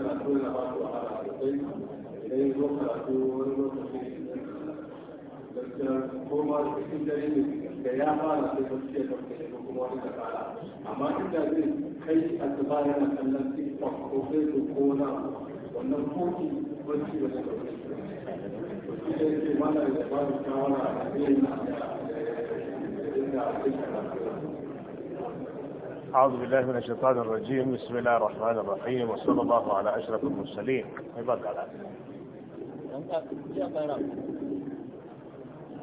karatu yana ba su wahala sosai idan yi zo karatu wani lokaci gaskiya ko ma cikin dare ne da ya fara sai barci ya tafi ko kuma wani da fara amma inda zai kai asuba yana kallon tiktok ko facebook ko na wannan koki barci ba zai tafi to shi ne ke mana da ba su shawara a cikin da ya ke أعوذ بالله من الشيطان الرجيم بسم الله الرحمن الرحيم وصلى الله على أشرف المرسلين عباد الله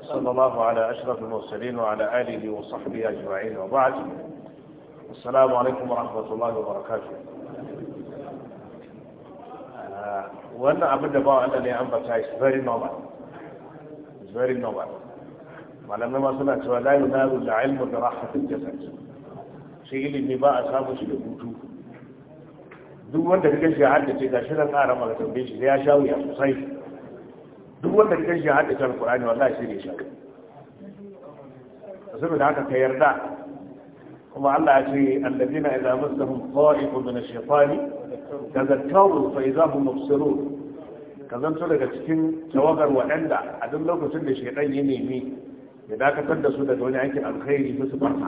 صلى الله على أشرف المرسلين وعلى آله وصحبه أجمعين وبعد السلام عليكم ورحمة الله وبركاته وأنا أبدا da bawa Allah ne ambata is very normal is very normal malamai ma suna cewa la yunaru al-ilmu shi ilimi ba a samun shi da hutu duk wanda ka gashi haddace ga shi zan ƙara maka tambaye shi ya sha wuya sosai duk wanda ka gashi haddace alƙur'ani wallahi shi ne sha saboda haka ka yarda kuma Allah ya ce allazina idza massahum ta'ifun min ash-shaytani tazakkaru fa idza hum mubsirun ka zanto daga cikin tawagar waɗanda a duk lokacin da shaitan ya nemi ya dakatar da su daga wani aikin alkhairi su su farka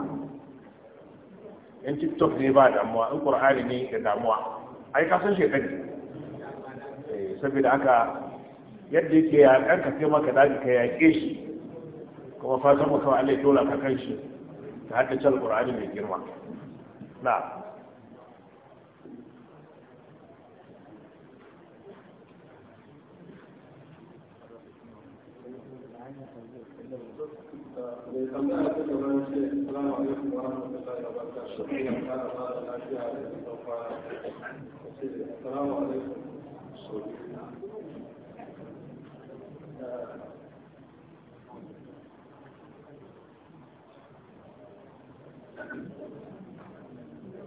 in tiktok ne ba damuwa in ƙur'ani ne da damuwa ai ka san shekari eh, saboda aka yadda yake ya kanka sai maka da ka yaƙe shi kuma fatan mu kawai Allah ya dola ka kan shi ta cal alƙur'ani mai girma na tambaya ta gaban ce salamu alaikum wa rahmatullahi wa barakatuh ina fara fara lafiya da kuma fara salamu alaikum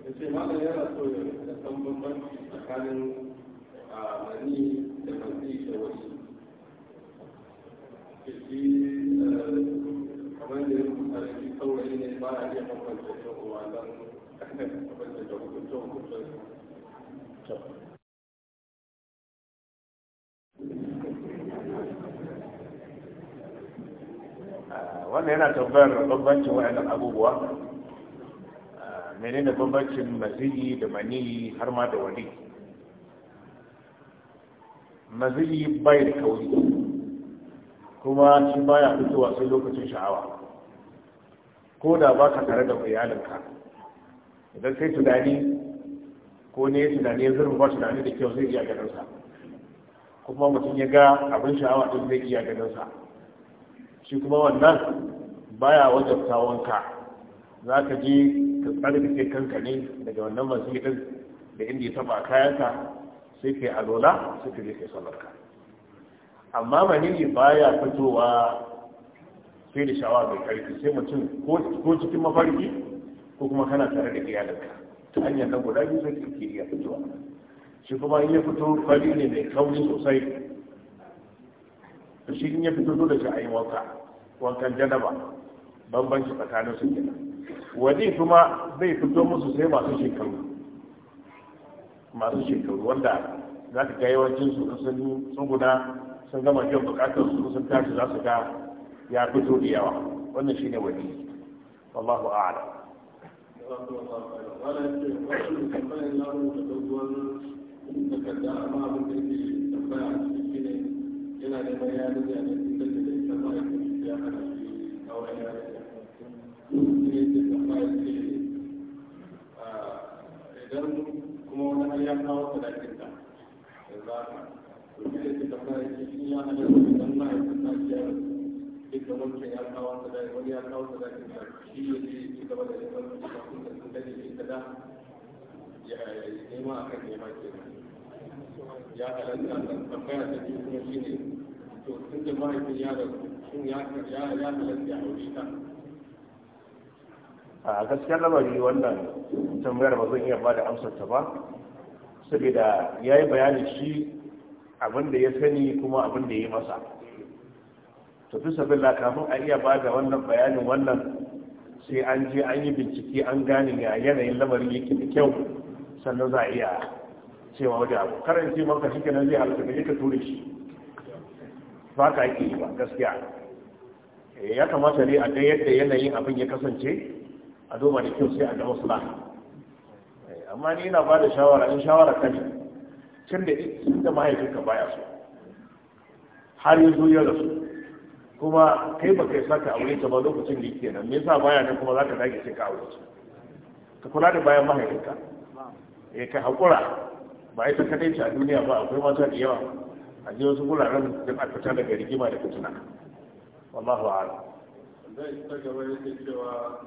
yace malam yana so ya san bambanci tsakanin mani da fasi da wani wanda ya kusa da ne da uwa don da ah, bambancin wa'annan abubuwa ah, menene bambancin maziyi da maniyi har ma da wani maziyi bai da kauri kuma shi baya fitowa sai lokacin sha'awa ko da ba ka tare da iyalinka idan sai tunani ko ne tunani zai ba tunani da kyau zai iya ganinsa kuma mutum ya ga abin sha'awa din zai iya ganinsa shi kuma wannan baya wajen wanka za ka je ka tsarkake kanka ne daga wannan masu da inda ya taba kayanka sai kai yi alola sai ka je kai amma manini baya fitowa sai da shawa mai karfi sai mutum ko cikin mafarki ko kuma kana tare da iyalinka ta hanyar nan guda biyu zai ke iya fitowa shi kuma in ya fito fari ne mai kauri sosai to shi in ya fito dole shi a yi wanka wankan janaba bambanci tsakanin su kenan wani kuma zai fito musu sai masu shekaru masu shekaru wanda za ka ga yawancin su sun guda sun gama biyan bukatar su sun tashi za su ga ya fito da yawa wannan shine wani wallahu a'lam yana da kuma wani har kawo sadakin ta da za ka ya duk da wancan ya kawo sadaki wani ya kawo sadaki da shi ya ce ci gaba da neman su ya kusa sun gani ne kada ya nema a kan nema ke ya halatta da tambaya ta biyu kuma shi ne to tun da mahaifin ya da sun ya halatta ya aure ta a gaskiyar lamari wannan tambayar ba zan iya ba da amsar ta ba saboda ya yi bayani shi abin da ya sani kuma abin da ya yi masa tafi sabila kafin a iya bada wannan bayanin wannan sai an je an yi bincike an gane ya yanayin lamarin yake da kyau sannan za a iya cewa wajen abu karin ce maka shi kenan zai halatta da ka ture shi ba ka yake yi ba gaskiya eh, ya kamata ne a ga yadda yanayin abin ya kasance a duba da kyau sai a ga maslaha eh, amma ni ina ba da shawara in shawara ka ne da mahaifinka baya so har yanzu ya rasu kuma kai ba kai saka aure ta ba lokacin da yake nan me yasa baya nan kuma zaka dage sai ka aure ka kula da bayan mahaifinka eh ka hakura ba ita kadai ce a duniya ba akwai mata da yawa a ji wasu guraren da aka fita daga rigima da fitina wallahu a'lam zai ta gaba yake cewa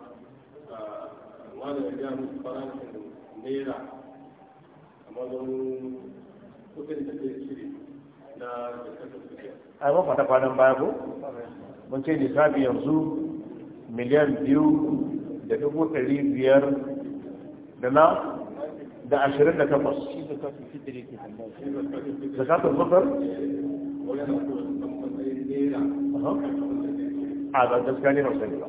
ah, wani da ya musu farashin naira a mazaunin kudin da zai shiri na da kasar a yi fata kwanan baya ko mun ce lissafi yanzu miliyan biyu da dubu ɗari biyar da na da ashirin da takwas da katon fitar a ba gaskiya ne masu ba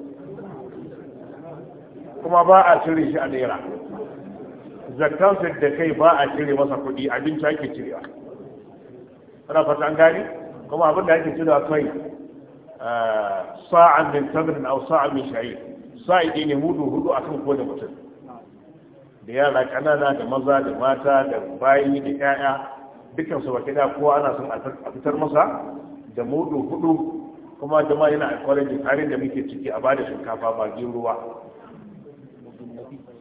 kuma ba a cire shi a naira zakkan da kai ba a cire masa kudi abinci ake cirewa ana fata an gani kuma abin da ake cewa kai eh, sa'an min sabrin aw sa'an min sha'ir sa'i ne hudu hudu akan kowane mutum da yara kanana da maza da mata da bayi da ƴaƴa dukkan su baki da kowa ana son a fitar masa da mudu hudu kuma jama'a yana a kwalejin tsarin da muke ciki a bada shinkafa ba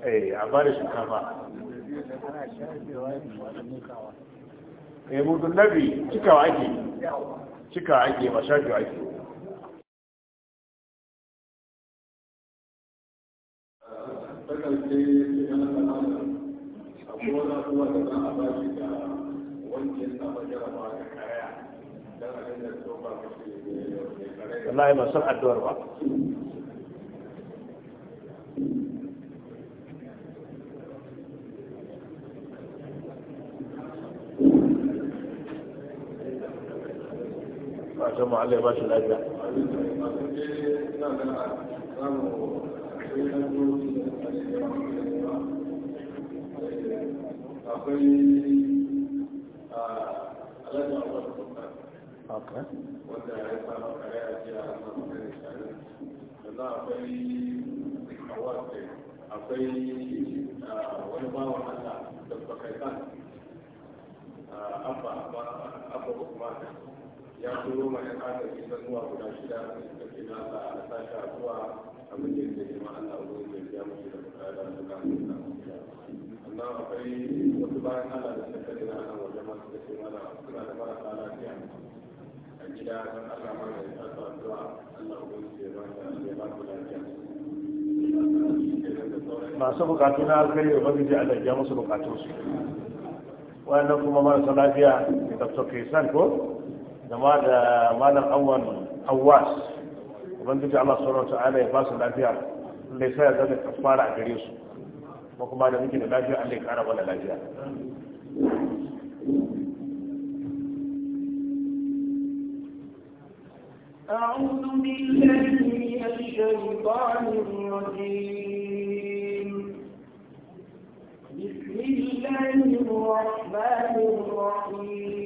eh a bada shinkafa ya mutu nabi cikawa ake cikawa ake ba shafi ake wallahi ba san addu'ar ba magabatan mu Allah ya ba lafiya akwai ah, ah, wani Allah da bakai kan ah, abba abba ya turo ma ya kasa isa zuwa guda shida da ke nasa a sashi zuwa abin da yake jima Allah wurin da biya musu da bukata da bukata amma akwai wasu bayan Allah da suka kare na nan wajen masu da ke mana suna da marasa lafiya a gida don Allah mana ya kasa zuwa Allah ya wurin da ya ba su lafiya masu bukatu na alkhairi da bazai ji Allah ya musu bukatunsu wannan kuma marasa lafiya da tafsir ko ماذا ماذا الأول حواس ومن تجي الله سبحانه وتعالى يباس الاجيال اللي سيئ ذلك أفارع جريس وكما لا يمكن لا جاء عليك أنا ولا لا أعوذ بالله من الشيطان الرجيم بسم الله الرحمن الرحيم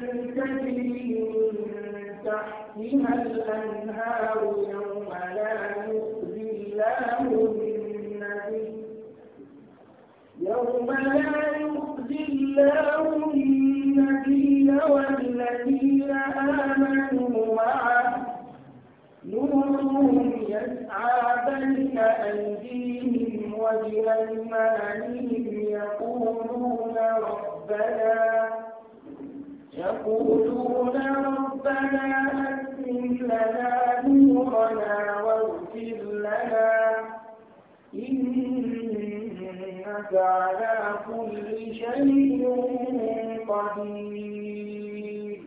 تجري من تحتها الأنهار يوم لا يخزي الله النبي يوم لا يخزي الله النبي والذين آمنوا معه نورهم يسعى بين أيديهم وبأيمانهم يقولون ربنا يقولون ربنا أسلم لنا نورنا واغفر لنا إنك على كل شيء قدير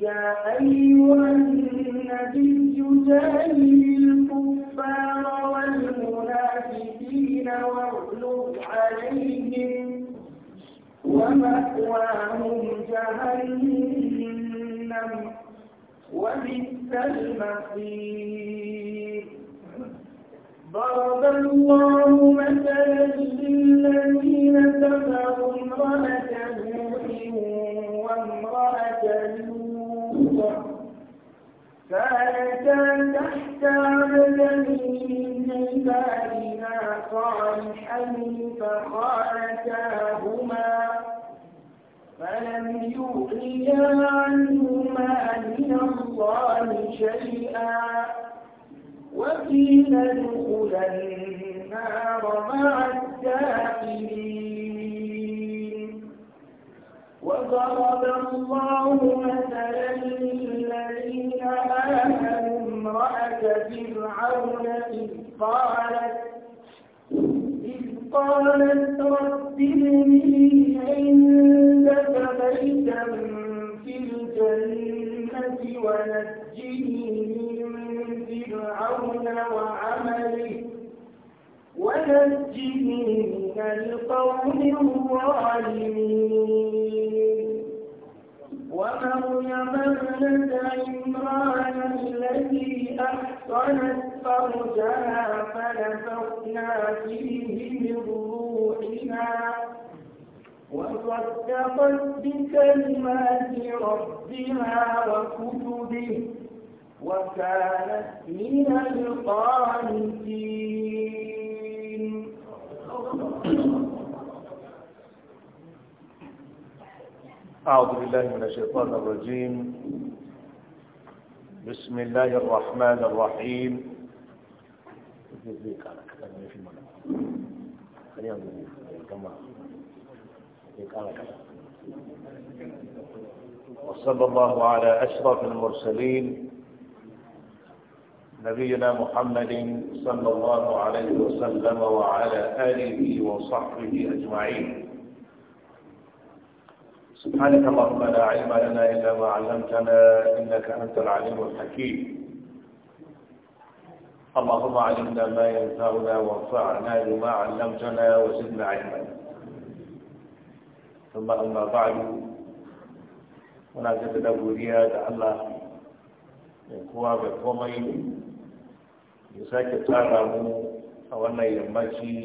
يا أيها النبي جاهد الكفار والمنافقين واغلب عليهم ومأواهم جهنم وبئس المصير ضرب الله مثلا للذين كفروا امرأة نوح وامرأة لوط كانتا تحت عبدين من عبادنا صالحين فخانتاهما فلم يغنيا عنهما من الله شيئا وقيل ادخلا النار مع الداخلين وضرب الله مثلا للذين آمنوا امرأة فرعون إذ قالت قالت رب ابني عندك بيتا في الجنة ونجني من فرعون وعمله ونجني من القوم الظالمين ومريم ابنة عمران التي أحصنت فرجها فنفخنا فيه من روحنا وصدقت بكلمات ربها وكتبه وكانت من القانتين أعوذ بالله من الشيطان الرجيم بسم الله الرحمن الرحيم وصلى الله على أشرف المرسلين نبينا محمد صلى الله عليه وسلم وعلى آله وصحبه أجمعين سبحانك اللهم لا علم لنا إلا ما علمتنا إنك أنت العليم الحكيم اللهم علمنا ما ينفعنا وانفعنا بما علمتنا وزدنا علما ثم أما بعد muna تتدبر godiya الله من قوى بقومين mai komai او sake يمشي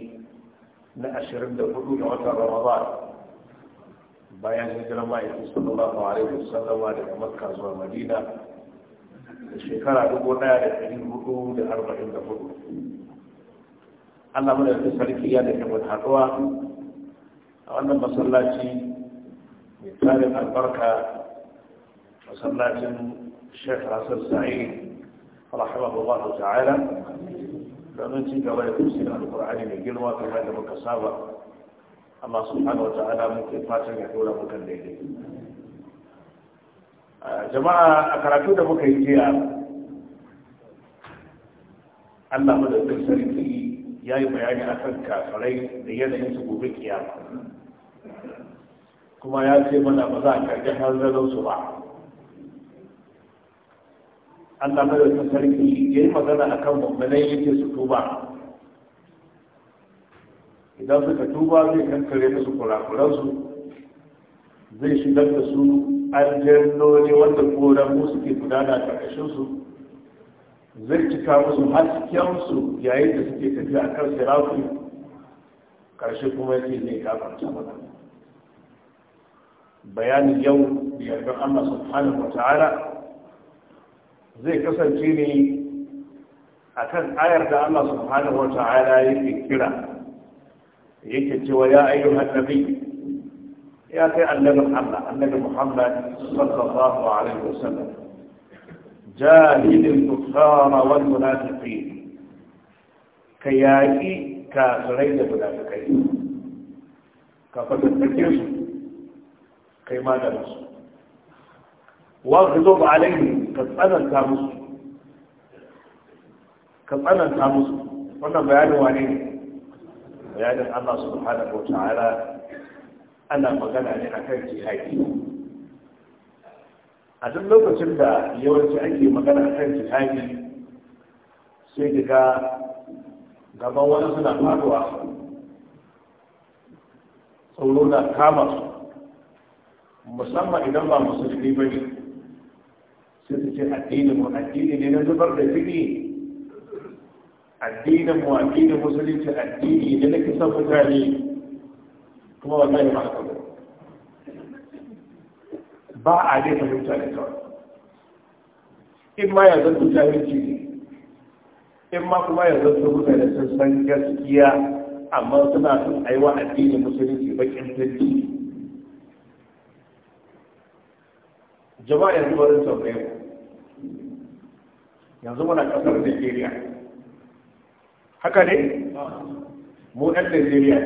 mu a wannan رمضان bayan hijirar ma'aikin sallallahu alaihi wasallam daga makka zuwa madina da shekara dubu daya da ɗari hudu da arba'in da hudu allah madalci sarki ya da kamar haɗuwa a wannan masallaci mai tarin albarka masallacin shekh hassan sa'id allah ta'ala domin ci gaba da tafsirin alkur'ani mai girma kamar da muka saba Allah subhanahu wata'ala muke fatan ya dora mutan daidai jama'a a karatu da muka yi jiya Allah madaukakin sarki ya yi bayani a kan kafirai da yanayin su gobe kiyama kuma ya ce mana ba za a karɓi hanzarin su ba Allah madaukakin sarki ya yi magana akan mummunai yake su tuba idan suka tuba zai kankare musu kurakuransu zai shigar da su aljannoni wanda koran musu ke gudana ƙarƙashinsu zai cika musu haskensu yayin da suke tafiya a kan sirafi ƙarshe kuma yake zai kafarta mana bayanin yau da yardar allah subhanahu wa ta'ala zai kasance ne akan ayar da allah subhanahu wa ta'ala yake kira يكتب يا أيها النبي يا أخي النبي محمد النبي محمد صلى الله عليه وسلم جاهد الكفار والمنافقين كيائي كغير المنافقين كفر التكيس كيما درس واغضب عليهم قد انا التامس قد انا التامس وانا بيان وعليهم bayanin Allah subhanahu wa ta'ala ana magana ne akan jihadi a duk lokacin da yawanci ake magana akan jihadi sai daga gaban wani suna faruwa tsoro na kama su musamman idan ba musulmi ba ne sai su ce addini mu addini ne na zubar da fili addinin mu addinin musulunci addini da nake son mutane kuma wallahi ba ka ba a dai fahimta da kawai in ma ya zanto jahilci ne in ma kuma ya zanto mutane sun san gaskiya amma suna sun aiwa addinin musulunci bakin tanti. jama'a yanzu barin tambaye yanzu muna kasar Nigeria haka ne mu ɗan Nigeria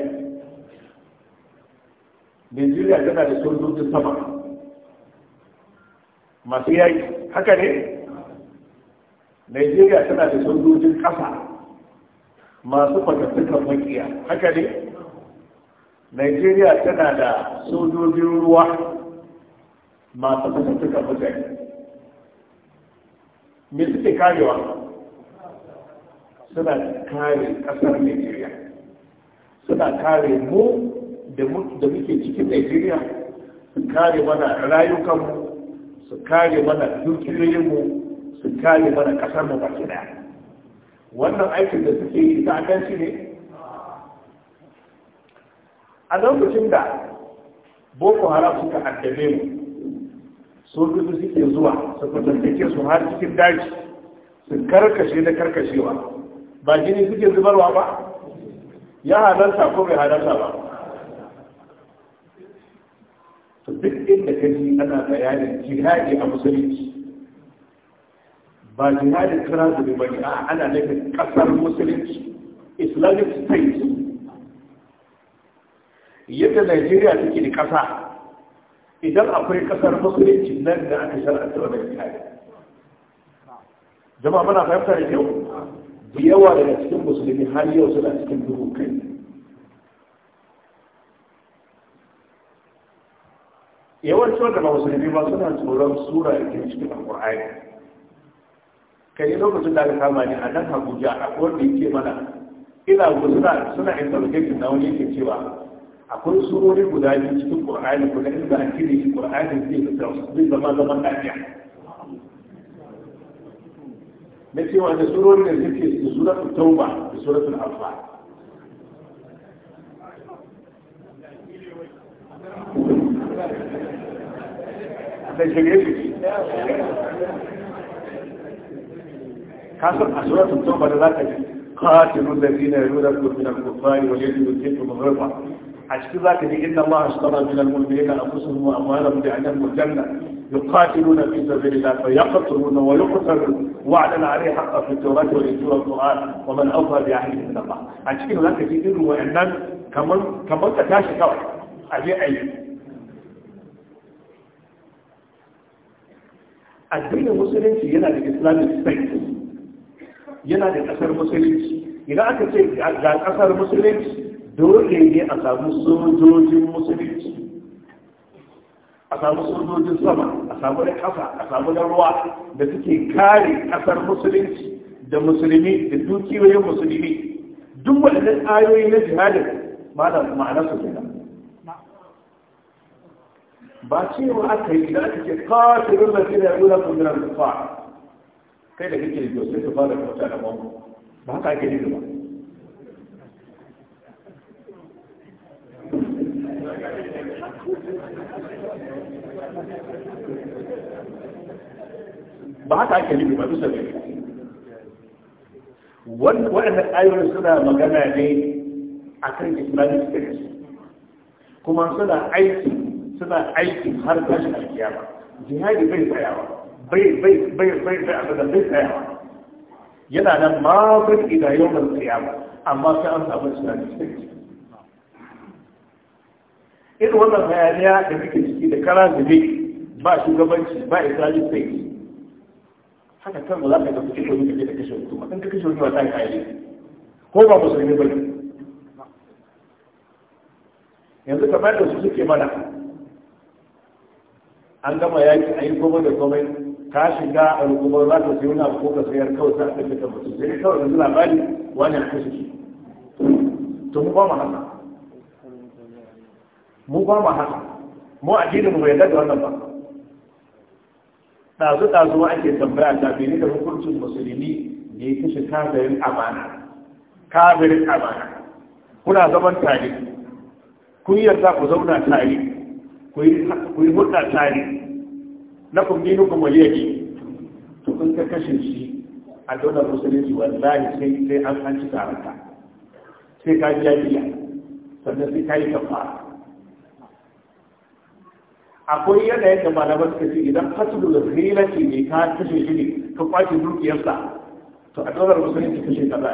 Nigeria tana da sojojin sama masu yaƙi haka ne Nigeria tana da sojojin ƙasa masu fatattukan makiya haka ne nigeria tana da sojojin ruwa masu fatattukan mutane me suke karewa suna kare kasar nigeria suna kare mu da muke cikin nigeria su kare mana rayukanmu su kare mana dukiyoyinmu su kare mana mu baki daya wannan aikin da suke yi ta kan shi ne a lokacin da boko haram suka addabe mu sojoji suke zuwa su fatattake su har cikin daji su karkashe da karkashewa ba jini suke zubarwa ba ya halarta ko bai halarta ba to duk inda ka ji ana bayanin jihadi a musulunci ba jihadin kira su ne a ana nufin kasar musulunci islamic state yadda nigeria take da kasa idan akwai kasar musulunci nan da aka shar'anta wannan jihadi jama'a muna fahimta da kyau yawa daga cikin musulmi har yau suna cikin duhu kai yawanci wanda ba musulmi ba suna tsoron sura da ke cikin alƙur'ani kai lokacin da aka kama ne a nan abuja a wanda yake mana ina guzura suna suna interrogating na wani yake cewa akwai surori guda biyu cikin ƙur'ani kuma inda an kiri shi ƙur'ani zai zama zaman lafiya لكن وعند سورة الذكر في سورة التوبة في سورة الأرفع كاسر سورة التوبة لذلك قاتل الذين يلونكم من الكفار ويجدوا الذكر مغرفة عشق ذاك إن الله اشترى من المؤمنين أنفسهم وأموالهم بأنهم الجنة يقاتلون في سبيل الله فيقتلون ويقتلون وعلا عليه حق في التوراة والإنجيل والقرآن ومن أظهر بعينه من الله عن شكل هناك كثير هو أن كمان كمان تتاشى كوا أبي أي الدين المسلم في ينا الإسلام السيد ينا الأسر المسلم إذا أكتب على الأسر المسلم دور لي أسر مسلم دور المسلم a samu sojojin sama a samu da kasa a samu da ruwa da suke kare kasar musulunci da musulmi da dukiyoyin musulmi duk waɗannan ayoyi na jihadin da ma'ana su kenan ba cewa aka yi da aka ce kawai da ke da yura kun jira su fa kai da kake da sai su fara kauta da mamu ba haka ake yi ba ba haka ake nufi ba dusa waɗannan ayoyin suna magana ne a kan islamic studies kuma suna aiki suna aiki har tashin alkiyama jihadi bai tsayawa bai bai bai bai bai abin bai tsayawa yana nan ma bai ida yau amma sai an samu islamic studies In wannan hayaniya da muke ciki da kara da ba shugabanci ba isra'il sai haka kan ba za ka tafi kashe wani da kashe wani kuma in ka kashe wani ta yi ko ba musulmi ba ne? yanzu kamar da su suke mana an gama yaki a yi komai da komai, ka shiga a rukumar za ka sayi wani abu ko ka sayar kawai sai a ɗauke ta mutum sai kawai yanzu labari wani a kashe to mu ba mu haka mu ba mu haka mu addinin mu bai da wannan ba ɗazu ɗazu ake tambaya ta bai da hukuncin musulmi da ya kashe kafirin amana kafirin amana kuna zaman tare kun yarda ku zauna tare ku yi hulɗa tare na kun dinu kuma yake to kun ka kashe shi a dole musulunci wallahi sai sai an hanci ci taranta sai ka biya biya sannan sai ka yi kafara akwai yanayin da ba suka ce idan da ghilati ne ka kashe shi ne ka kwace dukiyarsa to a dole musulunci kashe da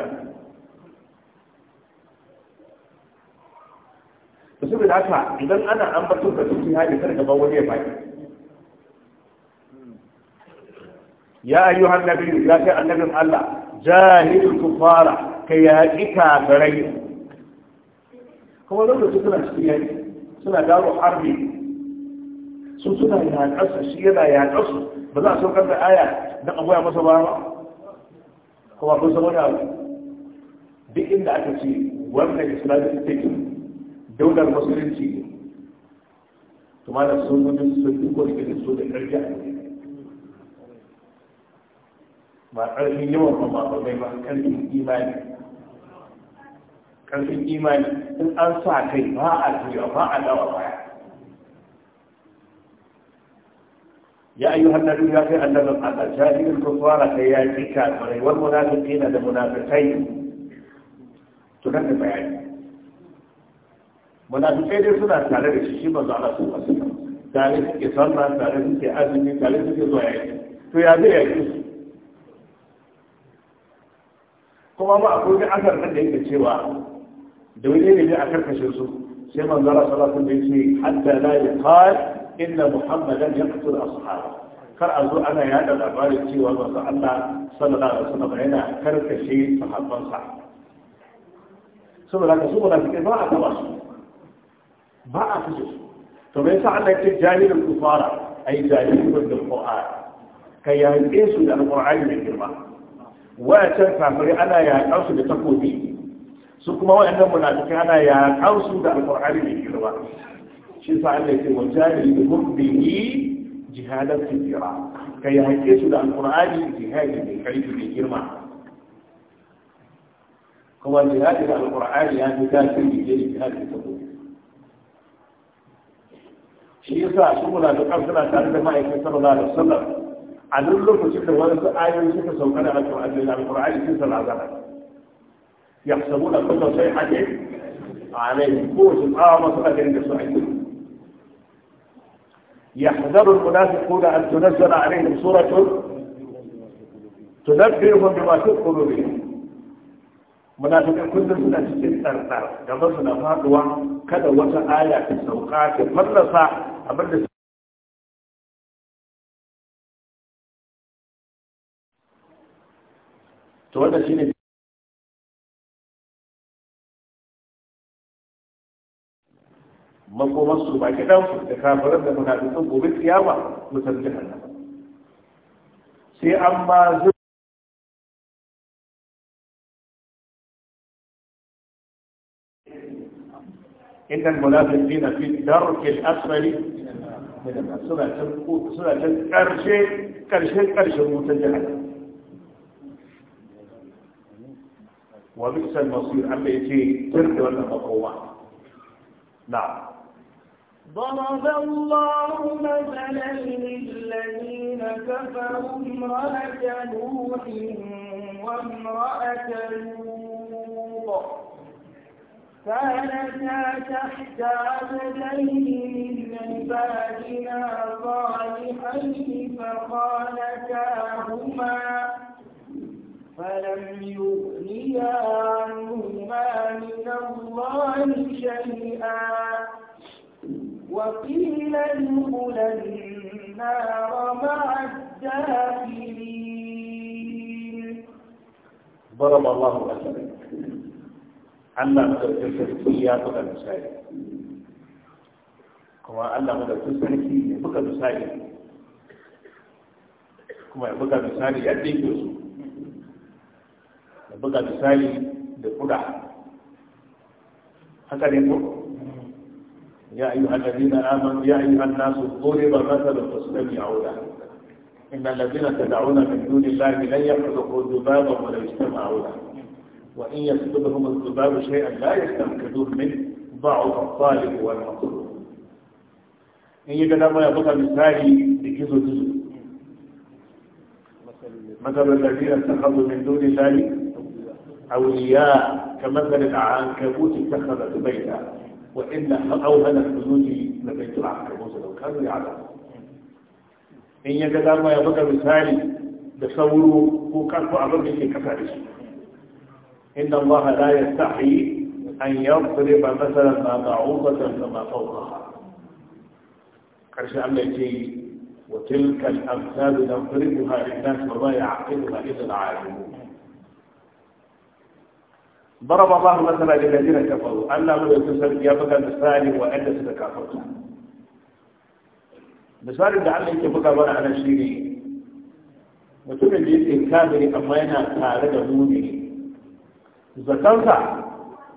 su da haka idan ana batu da suke hali kar gaban wani ya faɗi ya ayyuhan biyu ya kai annabin Allah jahilul kufara ka yaƙi kafirai kuma lokacin suna cikin yaƙi suna dawo harbi سوتنا إلى العصر سيدا إلى العصر بلا سو كنا آية نقوى ما سبارة هو بزمان يعني بإن أتسي ومن الإسلام تتكلم دولة المسلمين تيجي ثم أنا سوتنا من سوتنا كل كل سوتنا نرجع ما أعرف يوم ما ما ما كان في إيمان كان في إيمان الأنصار كي ما أعرف يوم ما أعرف يا أيها النبي يا أخي أن القتل شاهد الكفار كياتي كافرين والمنافقين لمنافقين تنبه بيان يعني. منافقين سنة تعالى بشيشي من الله سنة الله سنة صلى تعالى سنة أزمي تعالى سنة ضعين فيا ذي يكيس kuma ba akwai wani asar nan da yake cewa da wani ne ne a karkashe su sai manzara salatu inna muhammadan ya yaqtul ashabahu kar a zo ana yada labarin cewa manzo Allah sallallahu alaihi wasallam yana karkashe sahabbansa saboda ka saboda kike ba a taba su ba a kashe su to me yasa Allah yake jahilul kufara ay jahilul wanda qur'an kai ya yanke su da alqur'ani mai girma wayancan kafirai ana yaƙar su da takobi su kuma wayannan munafikai ana yaƙar su da alqur'ani mai girma shi sa Allah ke wajari da mubbihi jihadar fitira ka yi haƙe su da alƙur'ani jihadi mai ƙarfi mai girma kuma jihadi da alƙur'ani ya fi tasiri da jihadi da sabo shi yasa su muna da suna tare da ma'aikatan sallallahu alaihi wasallam a duk lokacin da wani ayoyi suka sauka da alƙur'ani da alƙur'ani sun salazala yahsabuna kullu shay'atin alaihim ko su tsawa masu da su a cikin يحذر المنافقون أن تنزل عليهم سورة تنبههم بما في قلوبهم munafikai kullum suna cikin tsartsar gaban su na faduwa kada wata aya ta sauka ta fallasa abinda to wanda shine makomar su ba kidan su da kafirar da munafikan gobe kiyama mutar jahannam sai an ma إن المنافقين في الدرك الأسفل من النار سنة كرشي كرشي كرشي متجهل وبئس المصير أما يجي ترك ولا مقومة نعم ضرب الله مثلا للذين كفروا امرأة نوح وامرأة لوط كانتا تحت عبدين من عبادنا صالحين فخالتاهما فلم يغنيا عنهما من الله شيئا وقيل ادخل النار مع الداخلين ضرب الله مثلا Allah madaukakin sarki ya buga misali kuma Allah madaukakin sarki ya misali kuma ya buga misali ya ɗinke su ya buga misali da kuɗa, haka ne ko يا أيها الذين آمنوا يا أيها الناس ضرب مثل فاستمعوا له إن الذين تدعون من دون الله لن يخلقوا ذبابا ولا يجتمعوا له وإن يسلبهم الذباب شيئا لا يستنقذون منه ضعف الطالب والمطلوب إن يجد ما يبقى مثالي بجزء جزء مثل الذين اتخذوا من دون الله أولياء كمثل العنكبوت اتخذت بيتا وإلا أوهن الحدود لبيت العنكبوت لو كانوا يعلمون إن يجد ما يبقى مثالي بصوره وكان أمر في كفاره إن الله لا يستحي أن يضرب مثلا ما بعوضة فما فوقها كرش أم يجي وتلك الأمثال نضربها للناس وما يعقلها إلا العالمون ضرب الله مثلا للذين كفروا أن من يكسر يبقى مثال وأن تتكافر misalin da Allah yake buga mana anan shi ne mutumin da yake kafiri amma yana tare da mumini zakansa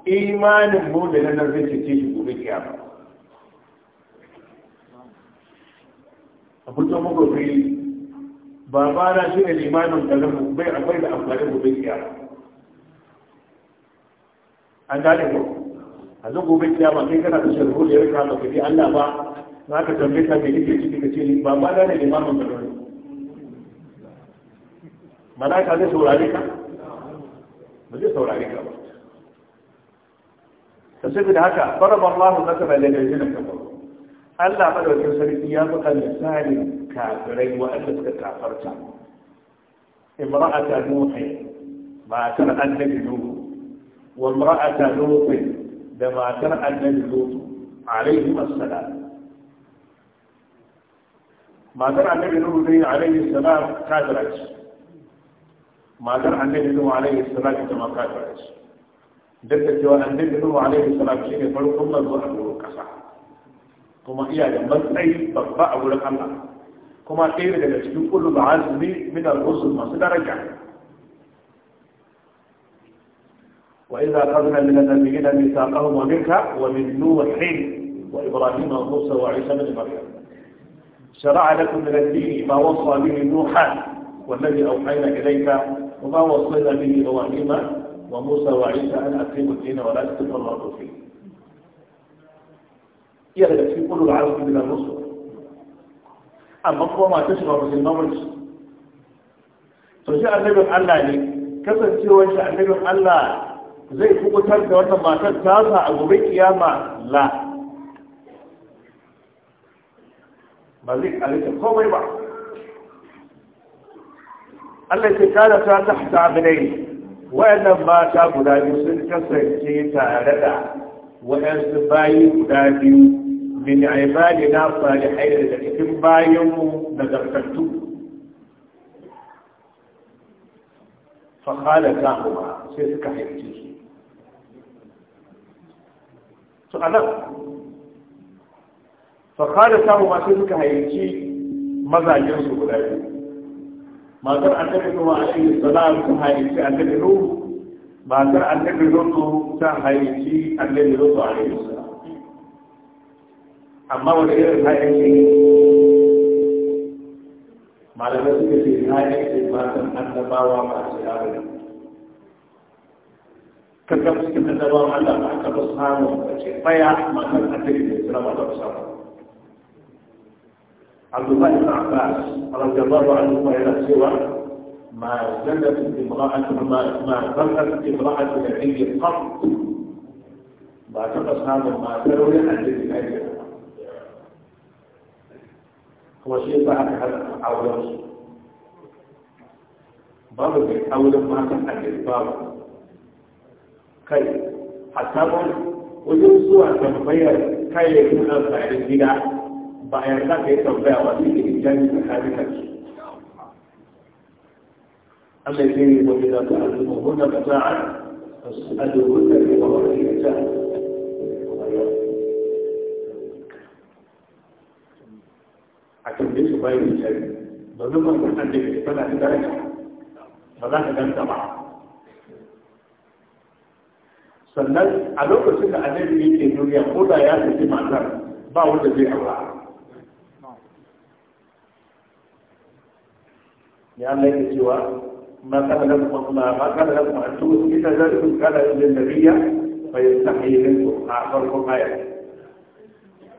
imanin muminin nan zai cece shi gobe kiyama a fito muku fili ba ba na shi ne limanin garin da amfani gobe kiyama an gane ko a zo gobe kiyama kai kana da sharhu da ya rika maka bi Allah ba za ka tambaye ka me kike ciki ka ce ba ba da ne limamin da dole malaka zai saurare ka ba zai saurare ka ba ta sai da haka farama Allah zaka bai da jinin ka Allah madaukakin sarki ya faɗa misalin kafirai waɗanda suka kafarta imra'ata nuhi matar annabi nuhu والمرأة لوط lutin da النبي لوط lutu السلام ما matar النبي لوط عليه السلام salam kafira ce matar annabi lutu alaihi salam ita ma ce cewa annabi lutu alaihi salam shi ne farkon manzo a kasa kuma iya da matsayi babba a wurin Allah kuma ɗaya daga cikin kullu min al-rusul masu daraja وإذا أخذنا من النبيين ميثاقهم ومنك ومن نوح وإبراهيم وموسى وعيسى بن مريم شرع لكم من الدين ما وصى به نوحا والذي أوحينا إليك وما وصينا به إبراهيم وموسى وعيسى أن أقيموا الدين ولا تتفرقوا فيه يهدف في كل العرب من الرسل أما هو ما تشغل في المملكة فجاء النبي الله لي كسر سوى النبي الله zai kubutar da wannan matar tasa a gobe kiyama la ba zai kalita komai ba Allah ce kada ta tahta abinai wayannan mata guda biyu sun kasance tare da waɗansu bayi guda biyu min ibadi na fari salihai daga cikin bayanmu da zartattu suka سيسك حيثيه to anan fa kada samu ma sai suka hayyaci mazajen su guda biyu matar annabi nuhu alaihi salam ta an annabi nuhu matar annabi zuwa ta an annabi lutu a cikin amma wani irin hayyaci malamai suka ce na yake matan annabawa masu yaro ka ga cikin da ba Allah ba ka ba samu ce baya matar annabi da sallama da sallama Abdullah ibn Abbas radiyallahu anhu ma yana cewa ما زنت امرأة ما ما زنت امرأة العلي قط ما تقصها ما تروي عن العلي هو شيء بعد هذا أولاد بابك أولاد ما تحدث بابك kai a samun wajen zuwa tambayar kayayyakin amfanin gida ba a yarda ka yi tambaya ba su ke jami tsakanin kansu Allah ya yi wani da ta azumu hunna ka sa'a azumu hunna ne ba wani ya ta a tambaye su bayan jari ba zama kan da ke fana da daraja ba za ka ganta ba sannan a lokacin da annabi yake duniya ko da ya tafi matar ba wanda zai aura ya Allah yake cewa ma kana lakum ma ma kana lakum an da ita zalikum kana lil nabiyya fa ne ko a ah, farkon ayat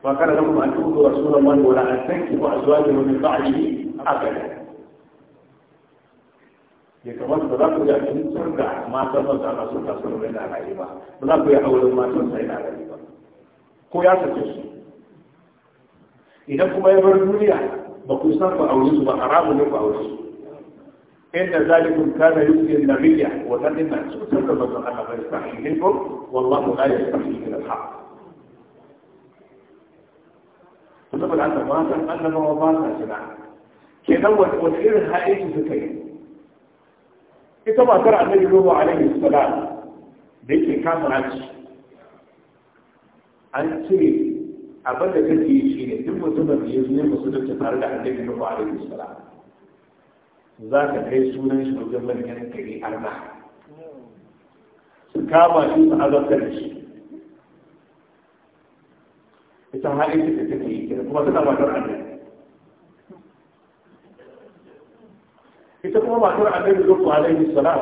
wa kana lakum an tusu rasulullahi a la an ba azwajahu min ba'dihi abada ya kamata ba za ku yi ainihin sun da matan nan da sun da sun rinda rayu ba ba za ku yi auren matan sai na rayu ba ko ya sake su idan kuma ya bar duniya ba ku san ku aure su ba haramun ne ku aure su inda zalikum kana yusi an-nabiyya wa tanna su sabba ba san Allah bai sahi minkum wallahu la yastahi min al-haq saboda haka matan annabawa ba sa jira kenan wata irin ha'iji suka yi ita matar annabi Nuhu alaihi salam da yake kafara ci an cire abin da take yi shine duk mutumin da ya zo ne musulunci tare da annabi Nuhu alaihi salam za ka kai sunan shi wajen manyan kare arna su kama shi su azabtar da shi ita har ita take yi kuma tana matar annabi ita kuma matar annabi lutu alaihi salam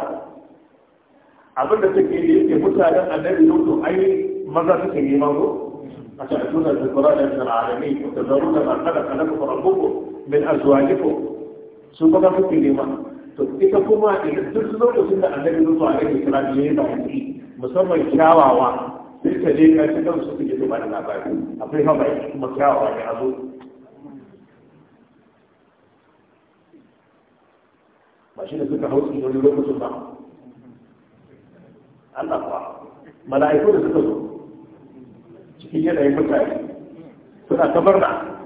abin da take yi yake mutanen annabi lutu ai maza suke yi mazo a ta'atun da zikra da min da wa da ma khalaqa lakum rabbukum min azwajikum su kuma suke yi to ita kuma idan duk lokacin da annabi lutu alaihi salam yayi bayani musamman kyawawa sai ta je ka ci kansu su ji ba da labari akwai habai kuma kyawawa ne a zo ماشي نسيت حوس من اللي بقول سبحان الله الله ملائكة نسيتهم شكيه لا يبقى شيء سنا كبرنا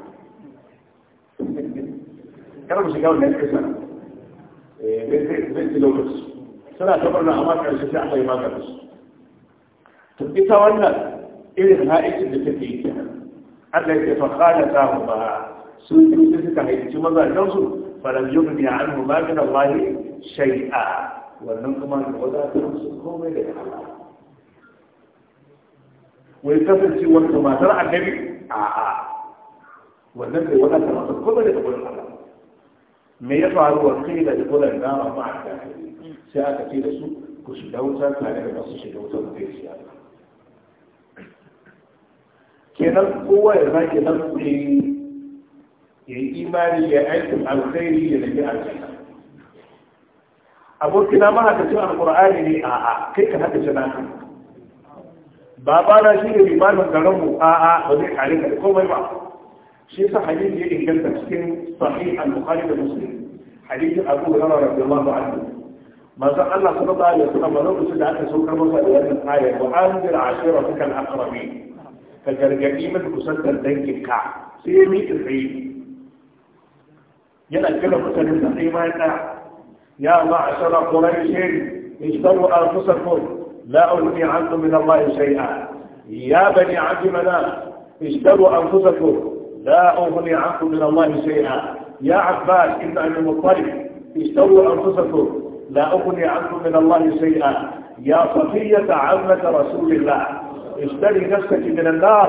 كلام مش كلام من كسرنا بس بس لو بس سنا كبرنا أما كان شيء أحلى ما كان بس إيه إيه تبي تقولنا إيه الغائب اللي تبيه الذي تخالفهما سوء تبي تسكت هاي تشوفه ما يجوزه falam yubni anhu ma min Allah shay'a wannan kuma da wadatar su komai da Allah wai kasance wanda matar annabi a'a wannan bai wadatar masa komai da gurin Allah me ya faru wa kai da gurin dama ba a sai aka ce da su ku shiga wuta tare da masu shiga wuta da kai shi kenan kowa ya zaki nan kuɗi. ya imani ya aikin alkhairi ya nufi aljanna abokina mahaddacin alkur'ani ne a'a kai ka haddace naka na shi ne limanin garinmu a'a ba zai kare ka komai ba shi yasa hadisi ya inganta cikin sahih al-bukhari da muslim hadisin abu hurairah radiyallahu anhu manzon Allah sallallahu alaihi wasallam lokacin da aka saukar masa da wannan ayar wa anzir ashiratuka al-aqrabin ka gargadi mata kusantar danginka sai ya miƙe tsaye yana kira mutanen da ma ya quraish اشتروا انفسكم لا اغني عنكم من الله شيئا يا بني عبد مناف اشتروا انفسكم لا اغني عنكم من الله شيئا يا عباس ابن ابي المطلب اشتروا انفسكم لا اغني عنكم من الله شيئا يا صفية عمة رسول الله اشتري نفسك من النار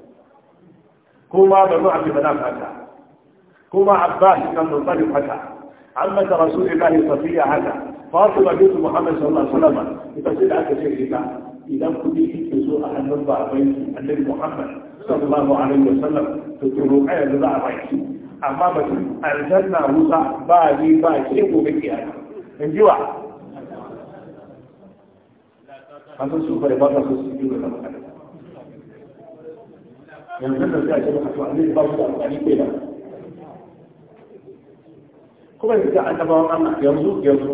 كما بنو عبد مناف حتى كما عباس بن منطلق حتى عمة رسول الله صفية حتى فاطمة بنت محمد صلى الله عليه وسلم بتسأل عن شيخك إذا كنت تزور أن نرضى ضعفين النبي محمد صلى الله عليه وسلم تقول أحد ضعفين amma ba aljanna musa ba بادي بادي ke gobe kiyama in ji wa an san su yanzu nan sai a ce maka to annabi ba shi da amfani kai da kuma yanzu ga annabawan Allah yanzu yanzu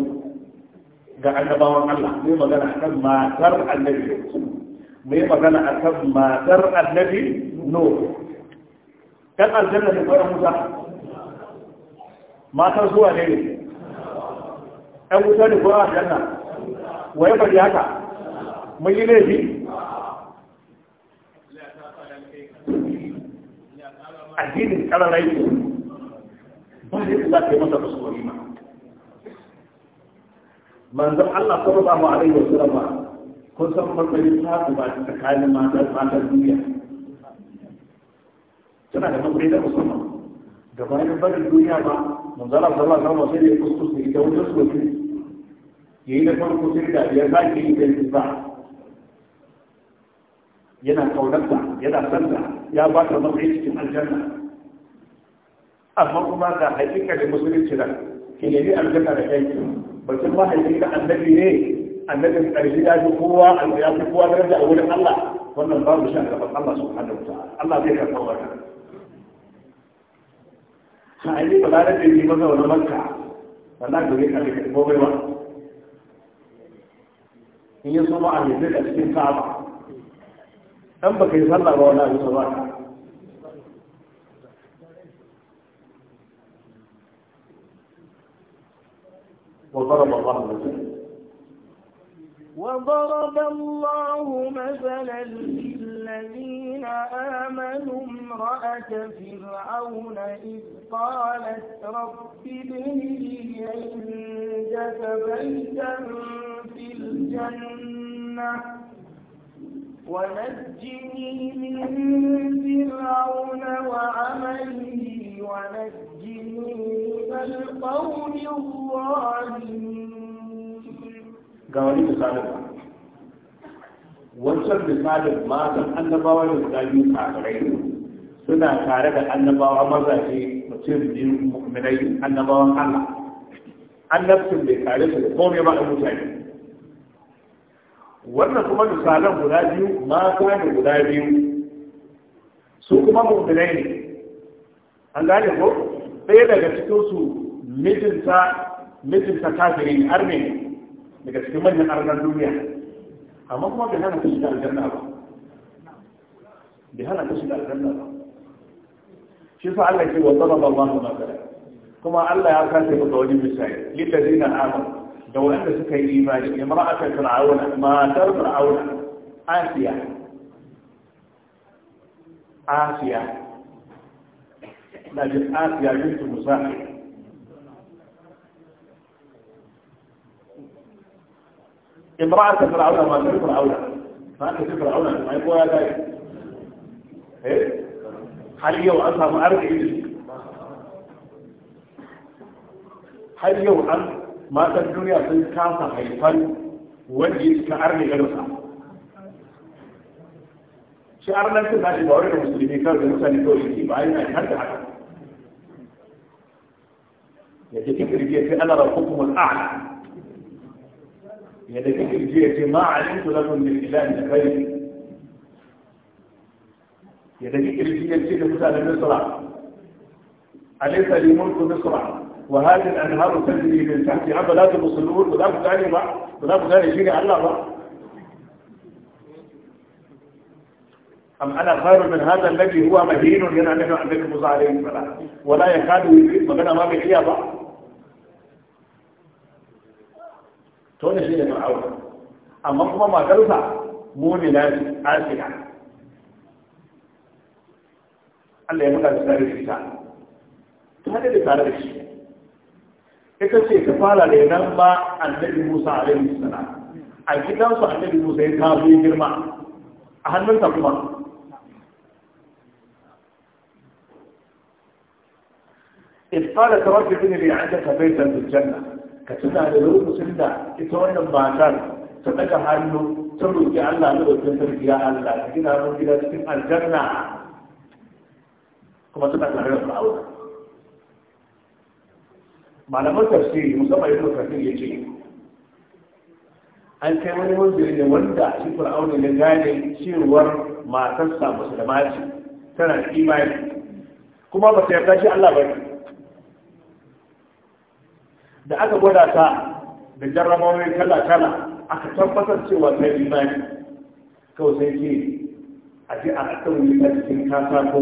ga annabawan Allah mai magana a kan matar annabi mai magana a kan matar annabi no dan aljanna ne bayan musa matar zuwa ne ɗan wuta ne ko a aljanna waye bari haka mun yi laifi أهل كلا لا يكون بل إلا كما تبصر إيمان من ذو الله صلى الله عليه وسلم كن سمع من يتحاق بعد تكاين ما تبعى الدنيا كما لم أريد أن أسمع جبائن ما من ذلك ya ba ta matsayi cikin aljanna amma kuma ga hakika da musulunci da ke nemi aljanna da kai batun mahaifin da annabi ne annabin ƙarshe ya fi kowa ya fi kowa daraja a wurin Allah wannan babu shan gaban Allah subhanahu wa ta'ala Allah zai karɓa wannan sai ni ba da ni maza wannan makka wannan gobe ka da kuma baiwa in yi so ma a cikin ka'aba dan baka yi sallah ba وضرب الله مثلا وضرب الله مثلا للذين آمنوا امرأة فرعون إذ قالت رب ابن لي عندك بيتا في الجنة ونجني من فرعون وعمله ونجني من القوم الظالمين قولي مثالك wancan misalin matan annabawa da guda biyu kafirai suna tare da annabawa mazaje mutum biyu mu'minai annabawan Allah annabcin bai tare su da komai ba da mutane wannan kuma misalan guda biyu mata ne guda biyu su kuma mu'minai ne an gane ko ɗaya daga cikin su mijinta mijinta kafiri ne arme ne daga cikin manyan arnar duniya amma kuma bai hana kashi da aljanna ba bai hana kashi da aljanna ba shi sa Allah ke wa tsara ba ba kuma Allah ya kace ga wani misali na amanu دولة سكي إيمان امرأة فرعون ما تر فرعون آسيا آسيا نجد آسيا جنت مساحة امرأة فرعون ما تر فرعون ما تر فرعون ما يقول هذا إيه؟ حاليا وأنها معرفة هل حاليا وأنها matan duniya sun kasa haifan wanda ya cika arni garinsa shi arnar sun tashi ba wani da musulmi kawai da mutane kawai yake ba yana har da haka ya ce kika rijiya sai ana rabbukum al'ala ya da kika rijiya sai ma alimtu lakum min ilahin da kai ya da kika rijiya sai da mutanen misra alaysa li mulku misra وهذه الأنهار تجري من تحتها فلا تبصلون ولا بتاني ما ولا بتاني شيء على الله أم أنا خير من هذا الذي هو مهين لنا نحن عندك موسى عليه السلام ولا يكاد يزيد مكان أمام الحيابة توني شيء من فرعون أما هو ما ترفع مؤمنات آسيا Allah ya maka da tsarin fita ta hada da ita ce ta fara da yanar ba annabi musa a yin sana a gidansu annabi musa ya kawo girma a hannunta kuma ifada ta wata gini ne an ta tafai da janna ka ci da da lokacin da ita wannan matar ta daga hannu ta roƙi allah na rokin sarki ya allah ta gina ran gida cikin aljanna kuma ta tafi da rarrawa malaman tafsiri musamman kafin ya ce an kai wani wanzuri ne wanda shi fir'auna ya gane cewar matarsa musulmaci tana da imani kuma ba ta yarda shi Allah ba da aka gwada ta da jarrabawai kala kala aka tabbatar cewa ta imani kawai sai ce a ji a kan wuli a cikin ko.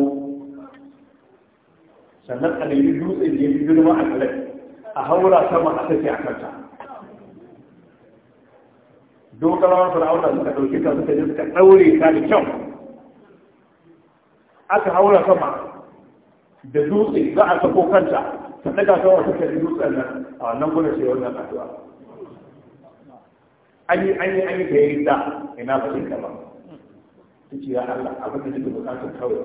sannan a nemi dutse ne girma a kalai a haura sama a tafi a kanta dogarawar fir'auna suka ɗauki ta suka je suka ɗaure ta da kyau aka haura sama da dutse za a sako kanta ta ɗaga ta wata ta dutsen nan a wannan gudun shi wannan addu'a an yi an yi an yi ta yi da ina ba shi kama ta ce ya Allah abin da nake bukatar kawai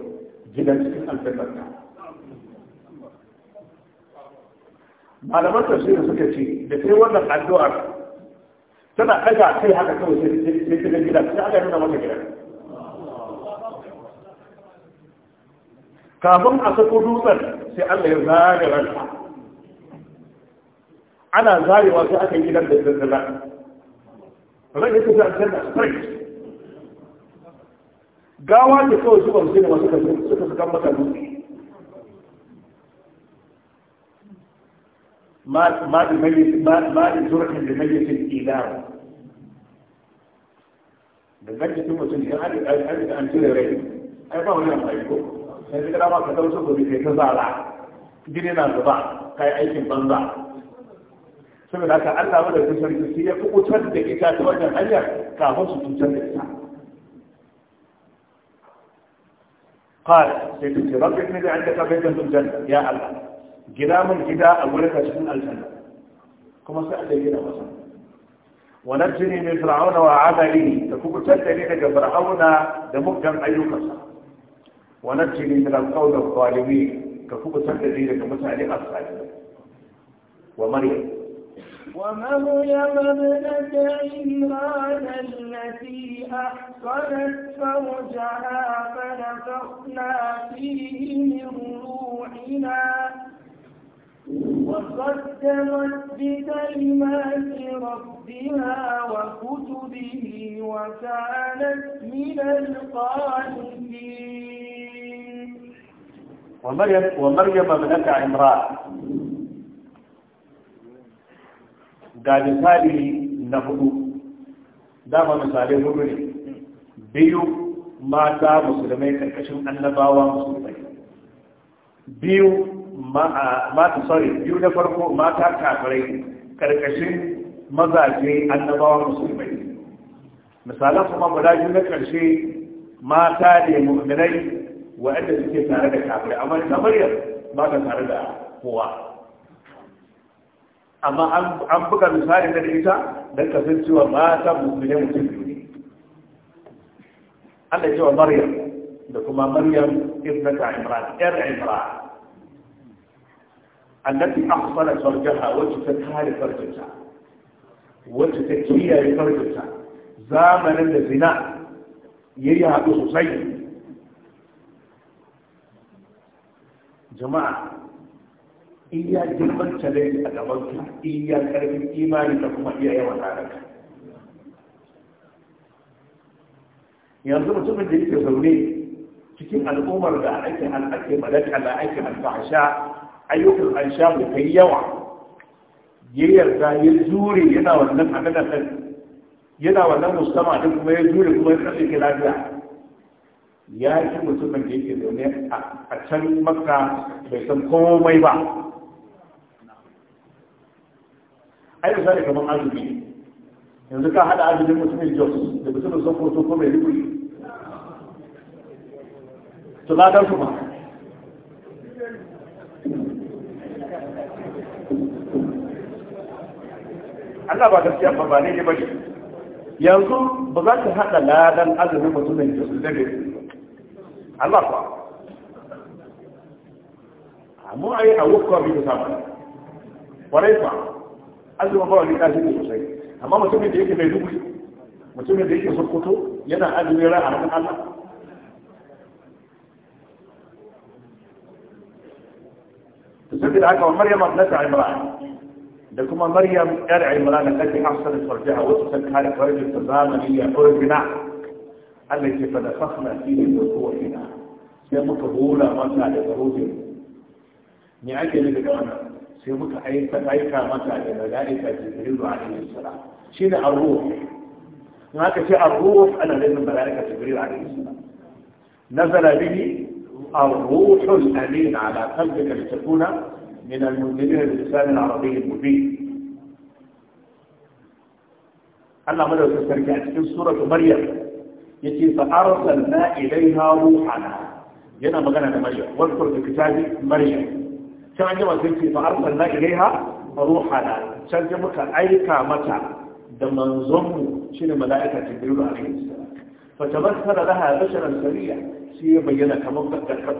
gidan cikin albarkarka malaman tafsiri suka ce da sai wannan addu'ar tana ɗaga kai haka kawai sai ta gida sai aka nuna mata gida kafin a sako dutsen sai Allah ya zare ranta ana zarewa sai aka yi gidan da zazzala ran yake sai aljanna straight gawa da kawai su ba su ne masu suka suka mata dutse ما ما الميت ما ما الجرح لميت الإيذار بالمجد ثم تنهي هذه أن تدري أي ما هو يوم أيكم هذه كلام ما كتبوا بكي تزعل جنينا الضبع كاي أيكم بنضع ثم لك الله ولا تشرك فيه كوتر دقيقة توجه هيا كافوس تجلس قال سيدتي رب ابن لي عندك بيتا في الجنة يا الله gina min gida a gurin cikin aljanna kuma sai Allah ya gina masa wa najini min fir'auna wa amalihi ta kubutar da ni daga fir'auna da mukan ayyukansa wa najini min al-qawl adh-dhalimin ka kubutar da ni daga mutane as-salim wa maryam ومريم ابنة عمران التي أحصنت فرجها فنفخنا فيه من روحنا وقدمت بكلمات ربها وكتبه وكانت من القانتين ومريم, ومريم ابنك عمران قال مثالي نبو دام مثالي هو بيو ما تا مسلمين كشم أن نباوا مسلمين بيو mata sorry biyu na farko mata kafirai karkashin mazaje annabawa musulmai misalan kuma guda biyu na karshe mata ne mu'minai waɗanda suke tare da kafirai amma da maryam ba ta tare da kowa amma an buga misali da ita don cewa mata mu'minai mutum biyu ne Allah ya ce wa maryam da kuma maryam ibnata imran yar imran التي أخفر فرجها وتتكار فرجتها وتتكير فرجتها زامنا للزنا يريها بخصي جماعة إيا جمع تلين أدبك إيا كرب الإيمان لكم إيا يوانك ينظر ثم الدليل يزولي تكين الأمر لا أكي هل أكي ملك لا أكي هل فعشاء ayyukan anshamu ta yi yawa yiryar ta ya jure yana wannan amina ɗin yana wannan musamman ɗin kuma ya jure kuma ya tsallake lafiya ya ci mutumin da yake zaune a can maka bai san komai ba ai da sani kamar azumi yanzu ka haɗa azumin mutumin jos da mutumin sun sokoto ko mai rikuri to na su ba Allah ba gaskiya ba ba ne ne bane yanzu ba za ka hada ladan azumin mutumin da su dabe Allah ba amma ai a wuka bi da sama warai fa azumin ba wani kashi ne sosai amma mutumin da yake mai dubu mutumin da yake sokoto yana azumin a hannun Allah تسبب عنك ومريم ابنة عمران لكم مريم ارعي ملانا التي حصلت فرجها وصفت هارك رجل من هي بناء نعم. التي فنفخنا فيه بروحنا هي مقبولة ما تعالي بروج نعجي لك أنا سيبك حيث تعيك ما تعالي ملائكة جبريل عليه السلام شين الروح هناك شيء الروح أنا لازم ملائكة جبريل عليه السلام نزل به الروح الأمين على قلبك لتكون من المنزلين الإسلام العربي المبين الله مدى تسترجع في سورة مريم يتي فأرسلنا إليها روحنا ينا مغنى مريم واذكر في كتاب مريم كما عندما تيتي فأرسلنا إليها روحنا كان جمع أيكا متى نظن شنو ملائكة جبريل عليه السلام فتمثل لها بشرا سريعا سيبينا كمان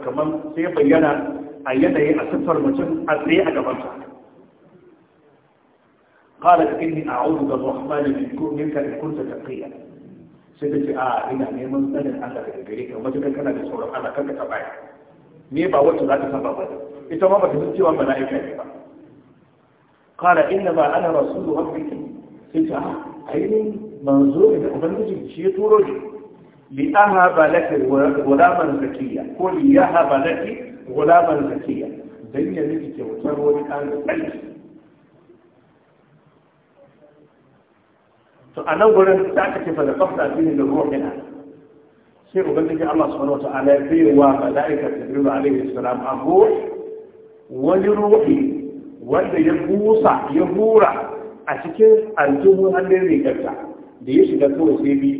كمان سيبينا a yanayi a siffar mutum a tsaye a gabansa qala ka inni a'udhu bi rahmani minka in kunta taqiya sai ta ce a ina neman tsanin Allah daga gare ka wajen kana da tsoron Allah kanka ta baya Me ba wacce za ta saba ba ita ma ba ta san cewa mala'ika ne ba qala inna ba ana rasulu rabbiki sai ta a yi manzo ne da ubangiji shi ya turo ni li ahaba laki gulaman zakiya ko li yahaba laki gulaman zakiya dan ya miki kyautar wani kan tsarki to a nan gurin da aka ce fa da kafta shi ne da ruhina sai ubangiji Allah subhanahu wataala ya bai wa malaika Jibril alaihi salam abu wani ruhi wanda ya busa ya hura a cikin aljuhu hannun rigarta da ya shiga kawai sai bi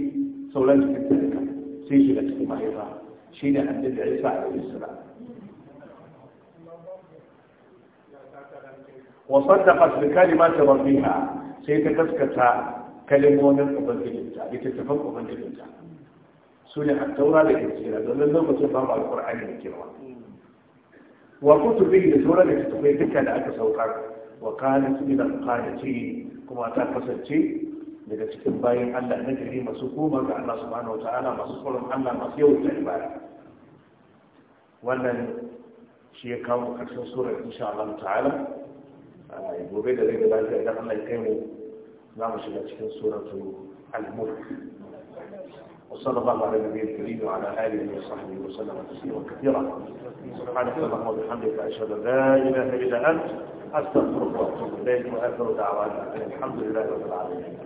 sauran cikin sadaka sai shiga cikin mahaifa shi ne annabi isa Wasan da wa saddaqat bi kalimati rabbiha sai ta gaskata kalmomin ubangijinta littattafan ubangijinta su ne a taura da kirkira domin lokacin babu alkur'ani da girma wa kutubi da sauran littattafai duka da aka saukar wa kana su ila qanati kuma ta kasance daga cikin bayan Allah na gari masu koma ga Allah subhanahu wata'ala masu tsoron Allah masu yau da ibada wannan shi ya kawo karshen surar insha Allah ta'ala gobe da rage lafiya idan Allah ya kai mu za mu shiga cikin su al-mulk وصلى الله على النبي الكريم وعلى اله وصحبه وسلم تسليما كثيرا سبحانك اللهم وبحمدك اشهد ان لا اله الا انت استغفرك واتوب اليك واخر دعوانا الحمد لله رب العالمين